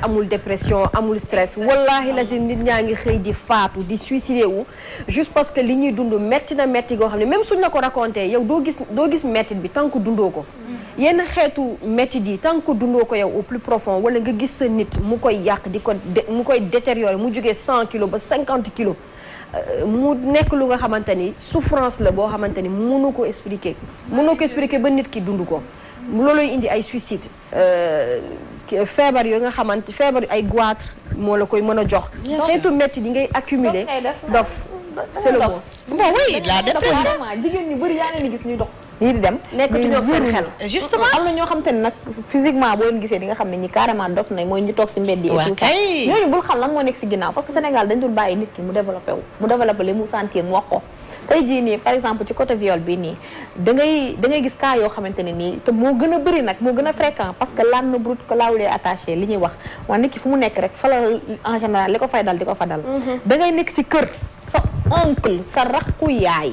amul dépression amul stress wallahi lazim nit ñangi xey di faatu di suicider wu juste parce que li ñuy dund metti na metti go xam même suñ la ko raconté yow do gis do gis metti bi tant que dundoo ko yenn xeetu mettit yi tant que dundoo ko yow au plus profond wala nga gis sa nit mu koy yak di ko mu koy détériorer mu jógee 100 kg ba 50 kg euh, mu nekk lu nga xamante souffrance la bo xamante ni ko expliquer mënu ko expliquer ba nit ki dund ko looloy indi ay suicide euh Euh, feebar yooyu nga xamante feebar ay goitre moo la koy mën a jox. surtout métti di ngay accumuler dof c'est le mot. bon oui la dépression vraiment jigéen ñu bëri yaa leen gis ñuy dox. ñii dem nekkatuñu ak seen xel. justement am ñoo xam te ne nag physiquement boo leen gisee di nga xam ne ñi carrément dof nañ mooy ñu toog si mbedd yi. waaw kay ñooñu bul xam lan moo nekk si ginnaaw parce que Sénégal dañ dul bàyyi nit ki mu développé wu. mu développé li mu sentir mu wax ko. tey jii nii par exemple ci côté viol bi nii dangay ngay gis cas yoo xamante ne nii te moo gën a bëri nag moo gën a fréquent parce que l'âne ne broute que là attaché li ñuy wax waa nit ki fu mu nekk rek fa la en général li ko fay dal di ko fa dal mhm. da ngay nekk ci kër sa oncle sa rax rakku yaay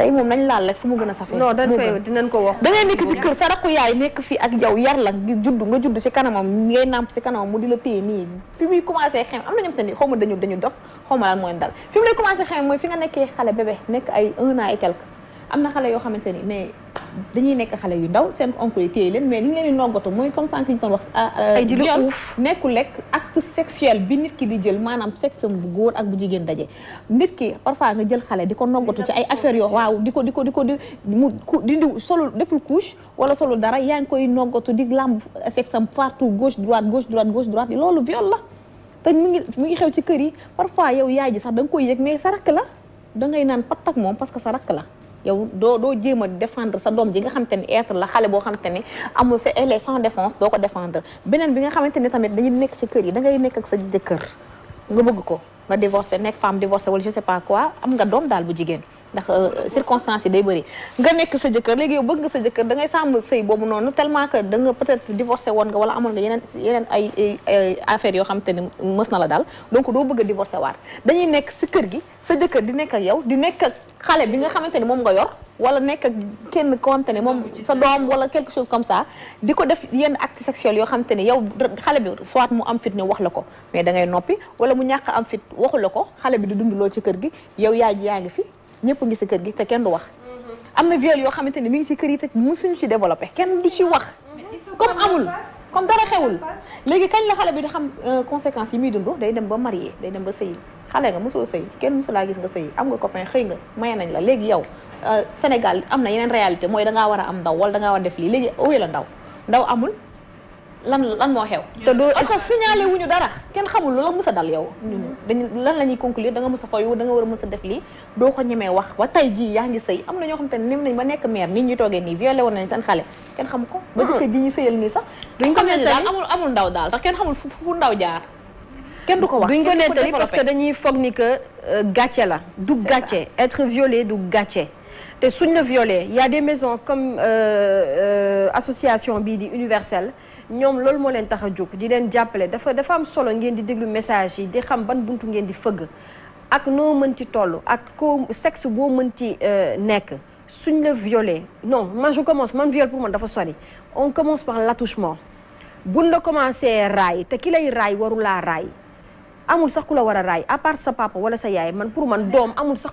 tey moom nañ laal rek fu mu gën a safee. non dañ koy dinañ ko wax. da ngay nekk ci kër sa rakku yaay nekk fii ak yow yar la nga judd nga judd si kanamam ngay nàmp si kanamam mu di la téye nii fi muy commencé xem am na ñoom tamit xaw ma dañu dañu dof xaw ma lan mooy dal fi mu lay commencé xem mooy fi nga nekkee xale bébé nekk ay un an quelque am na xale yoo xamante ni mais dañuy nekk xale yu ndaw seen oncle téye leen mais li ñu leen di noggatu mooy comme sànq ñu doon wax. Ah, ah, ay di nekkul rek acte sexuel bi nit ki di jël maanaam sexe bu góor ak bu jigéen daje. nit ki parfois nga jël xale di ko noggatu ci ay affaires yoo waaw di ko di ko di ko di mu di di solo deful couche wala solo dara yaa ngi koy noggatu di làmb sexe am partout gauche droite gauche droite gauche droite loolu viol la. te mu ngi mu ngi xew ci kër yi parfois yow yaay ji sax da koy yëg mais sa la da ngay naan pat ak moom parce que sa rakk la. yow doo doo jéem a défendre sa doom ji nga xamante ni être la xale boo xamante ne amul sa elle sans défense doo ko défendre beneen bi nga xamante ne tamit dañuy nekk ci kër yi da ngay nekk ak sa jëkkër nga bëgg ko nga divorcé nekk femme divorcée wala je sais pas quoi am nga doom daal bu jigéen ndax euh, circonstances yi day bëri nga nekk sa jëkkër léegi yow bëgg nga sa jëkkër da ngay sàmm sëy boobu noonu tellement que da nga peut-être divorcé woon nga wala amoon nga yeneen yeneen ay affaires yoo xam te ne mës na la daal donc doo bëgg a divorcé waat dañuy nekk si kër gi sa jëkkër di nekk ak yow di nekk xale bi nga xamante ne moom nga yor wala nekk ak kenn koo xamante ne moom sa doom wala quelque chose comme sa di ko def yenn acte sexuel yoo xamante ne yow xale bi soit mu am fit wax la ko mais da ngay noppi wala mu ñàkk am fit waxu ko xale bi di dund lool ci kër gi yow yaa ji yaa fi ñëpp ngi si kër gi te kenn du wax am na viol yoo xamante ni mi ngi ci kër yi te musuñu ci développé kenn du ci wax comme amul comme dara xewul léegi kañ la xale bi di xam euh, conséquences yi muy dund day dem ba marié day dem ba sëyi xale nga mosoo sëy kenn mosu laa gis nga sëyi am nga copain xëy nga maye nañ la léegi yow euh, Sénégal am na yeneen réalité mooy dangaa war a am ndaw wala danga war def lii léegi owee la ndaw ndaw amul lan lan moo xew. te doo parce que signalé wuñu dara kenn xamul lu la mës a dal yow. Mm-hmm. dañu lan la ñuy conclure da nga mës a fayu da nga war a mës a def lii doo ko ñemee wax ba tey jii yaa ngi sëy am na ñoo xam te ne nim ba nekk maire nit ñi toogee nii violé woon nañ seen xale kenn xam ko. ba mm-hmm. jëkkër ñu sëyal nii sax. duñ ko nettali daal amul amul ndaw daal tax kenn xamul fu ndaw jaar. kenn du ko wax duñ ko nettali parce que dañuy foog ni que euh, gàcce la. du gàcce être violé du gàcce. te suñ la violé y a des maisons comme euh, euh, association Bidi universelle ñom mo leen a di leen jappelé dafa dafa am solo ngeen di message yi di xam ban buntu ngeen di feug ak no mën ci tollu ak euh, non je commence viol pour on commence par l'attouchement buñ la commencé à te ki lay ray waru la ray amul sax war à part sa papa wala sa yaay man pour man dom. amul sax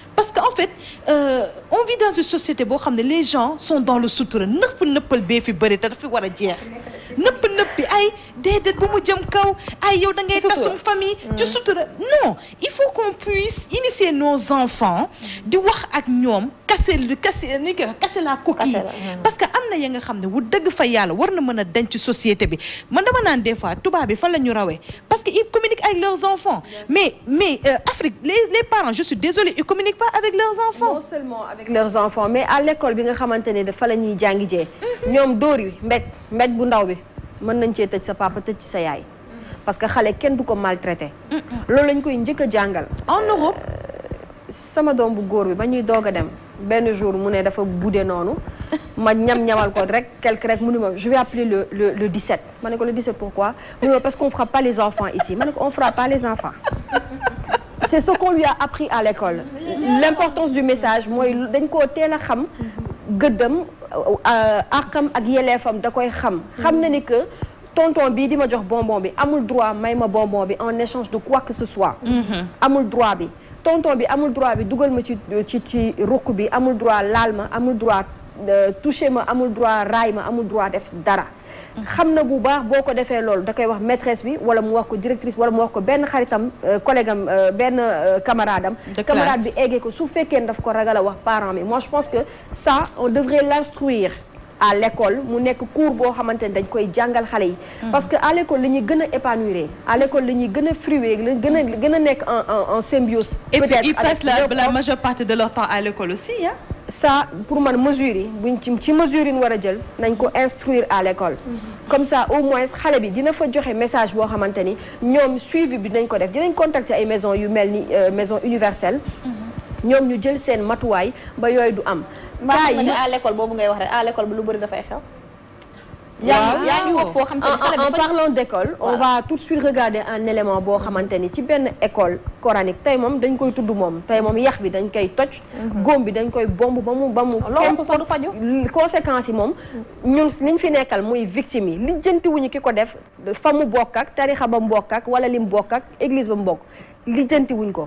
parce qu'en fait euh, on vit dans une société où xam les gens sont dans le sutura nëpp nëppal bee fi bëri te daf fi war a jeex nëpp nëpp bi ay déedéet bu mu jëm kaw ay yow da ngay tasum famille ci sutura non il faut qu'on puisse initier nos enfants di wax ak nous, casser le casser casser la coquille parce que amna na ya nga xam wu deug fa yalla war na mën denc société bi man dama nan des fois tuba bi fa la ñu parce que il communique avec leurs enfants. Mais, mais euh, Afrique, les, les, parents, je suis désolée, ils ne communiquent pas avec leurs enfants. Non seulement avec leurs enfants, mais à l'école, bien que dafa de falani jàngi jee ñoom dóor yi mbet mbet bu ndaw bi mën nañ cee tëj sa papa ci sa yaay parce que xale kenn du maltraité loolu lañ koy njëkk a en Europe euh, sama dom bu góor bi ba ñuy doog a dem benn jour mu ne dafa budde noonu ma ñam ñamal ko rek quelque rek ma je vais appeler le le le 17 ma ko le 17 pourquoi parce qu'on fera pas les enfants ici ma ne on fera pas les enfants. c'est ce qu'on lui a appris à l'école l'importance du message Moi, dañ koo teel a xam gëddam euh, akam, ak yeleefam da koy xam xam na ni que tonton bi di ma jox bonbon bi amul droit may ma bonbon bi en échange de quoi que ce soit mm-hmm. amul droit bi tonton bi amul droit bi dugal ma ci ci ci ruq bi amul droit laal amul droit euh, toucher ma amul droit raay ma amul droit def dara. xamna bu baax boko defé defee loolu da wax maîtresse bi wala mu wax ko directrice wala mu wax ko ben xaritam euh, collègue am euh, benn camarade am camarade bi eggee ko su féké ndaf ko ragala wax parents mi moi je pense que ça on devrait l'instruire à l'école mu nek cours bo xamante que dañ koy jangal xalé yi mm. parce que à l'école la gëna épanouir à l'école la gëna gën gëna gëna nek gën en en symbiose et puis ils passent la majeure partie de leur temps à l'école aussi hein ça pour man mesure yi buñ ci ci mesure yi jël nañ ko instruire à l'école comme ça au moins xalé bi dina fa joxe message bo xamanteni ñom suivi bi dinañ ko def dinañ contacter ay maison yu melni euh, maison universelle ñom ñu jël sen matuwaay ba yoy du am kaa à l'école boobu ngay wax à l'école bi lu da fay xew en parlant d'école on va tout de suite regarder un élément qui est ni ci une école coranique tey moom dañ koy tudd moom tey moom yax bi dañ koy toj mhm. góom bi dañ koy bomb ba les conséquences que ñun liñ fi nekkal Les victime li jëntiwuñu ki les def fa mu tarixa wala lim église ko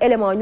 élément